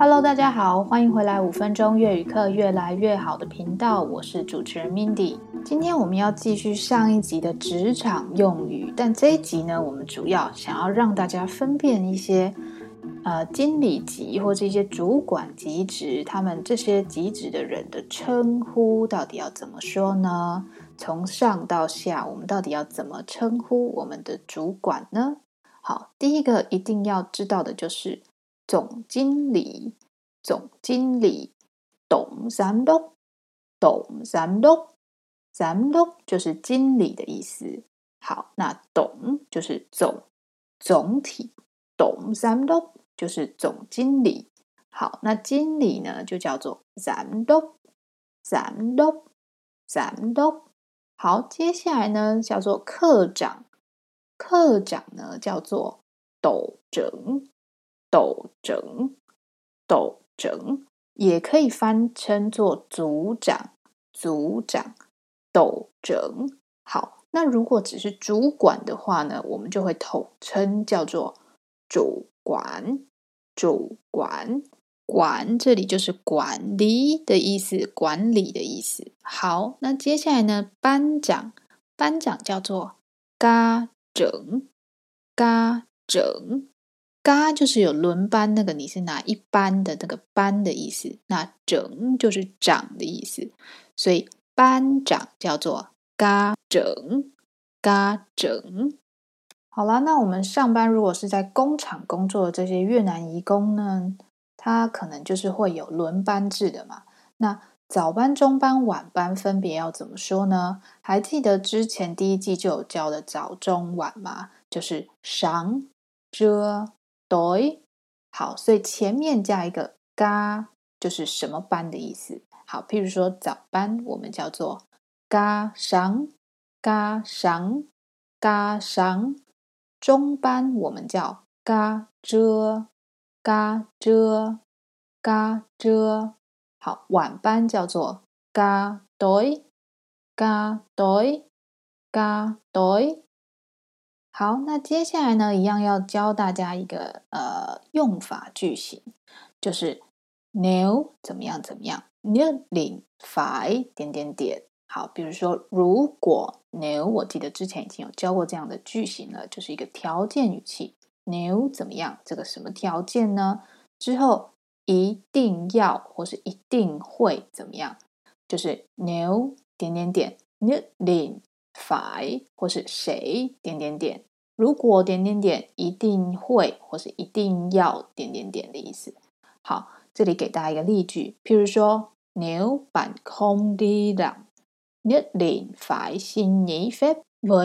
Hello，大家好，歡迎回來《五分鐘越語課》越來越好的頻道，我是主持人 Mindy。今天我們要繼續上一集的職場用語，但這一集呢，我們主要想要讓大家分辨一些呃經理級或這些主管級職，他們這些級職的人的稱呼到底要怎麼說呢？從上到下，我們到底要怎麼稱呼我們的主管呢？好，第一個一定要知道的就是。總經理，總經理，董三多，董三多，三多就是經理的意思。好，那董就是總，總體，董三多就是總經理。好，那經理呢就叫做三多，三多，三多，好，接下來呢叫做課長，課長呢叫做鬥爭鬥爭鬥爭，也可以翻稱做「組長」，組長鬥爭。好，那如果只是主管的話呢，我們就會統稱叫做主管，主管管，這裡就是管理的意思，管理的意思。好，那接下來呢，班長，班長叫做嘎整，嘎整。嘎就是有輪班那個，你是哪一班的那個班的意思。那整就是長的意思，所以班長叫做嘎整，嘎整。好了，那我們上班如果是在工廠工作的這些越南移工呢，他可能就是會有輪班制的嘛。那早班、中班、晚班分別要怎麼說呢？還記得之前第一季就有教的早、中、晚嗎？就是上、遮。對，好，所以前面加一個“嘎”就是什麼班的意思。好，譬如說早班我們叫做“嘎上嘎上嘎上”，中班我們叫“嘎遮嘎遮嘎遮”，好，晚班叫做“嘎對嘎對嘎對”。好，那接下來呢，一樣要教大家一個呃用法句型，就是牛怎麼樣怎麼樣，nhất định phải 點點點。好，比如說如果牛，我記得之前已經有教過這樣的句型了，就是一個條件語氣，牛怎麼樣，這個什麼條件呢，之後一定要或是一定會怎麼樣，就是牛點點點 nhất định。牛 Nếu 或是誰如果點點點,點,點,點一定會或是一定要點點點的意思好這裡給大家一個例句譬如說 Nếu bạn không đi làm nhất định phải xin nghỉ phép b o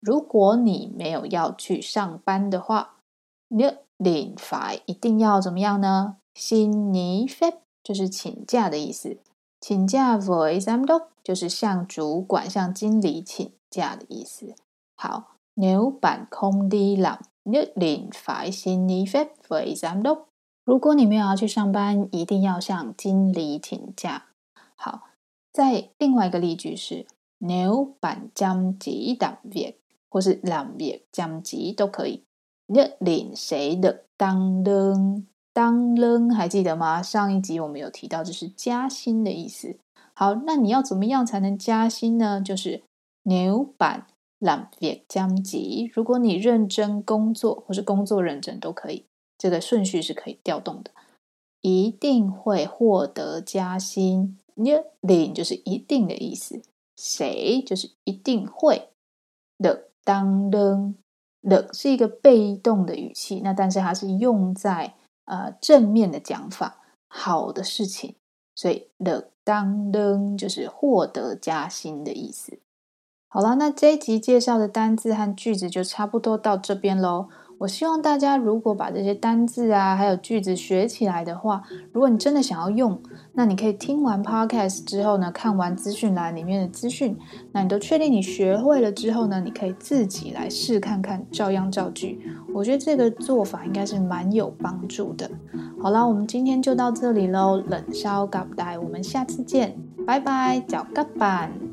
如果你沒有要去上班的話 nhất định phải 一定要怎麼樣呢 xin nghỉ phép 就是請假的意思請假 for example，就是向主管、向經理請假的意思好，牛板空低浪熱烈發一些你非不回三刀，如果你沒有要去上班，一定要向經理請假。好，在另外一個例句是牛板張極黨別，或是狼別張極都可以，熱烈誰的當燈當扔還記得嗎？上一集我們有提到這是加薪的意思。好，那你要怎麼樣才能加薪呢？就是牛板蘭別江吉。如果你認真工作，或是工作認真都可以。這個順序是可以調動的，一定會獲得加薪。你就是一定的意思，誰就是一定會的。當扔的是一個被動的語氣，那但是它是用在。呃，正面的講法，好的事情，所以的當當就是獲得加薪的意思。好了，那這一集介紹的單字和句子就差不多到這邊嘍。我希望大家如果把這些單字啊，還有句子學起來的話，如果你真的想要用，那你可以聽完 podcast 之後呢，看完資訊欄裡面的資訊，那你都確定你學會了之後呢，你可以自己來試看看，照樣造句。我覺得這個做法應該是蠻有幫助的。好啦，我們今天就到這裡嘍，冷燒咖不帶，我們下次見，拜拜，腳咖板。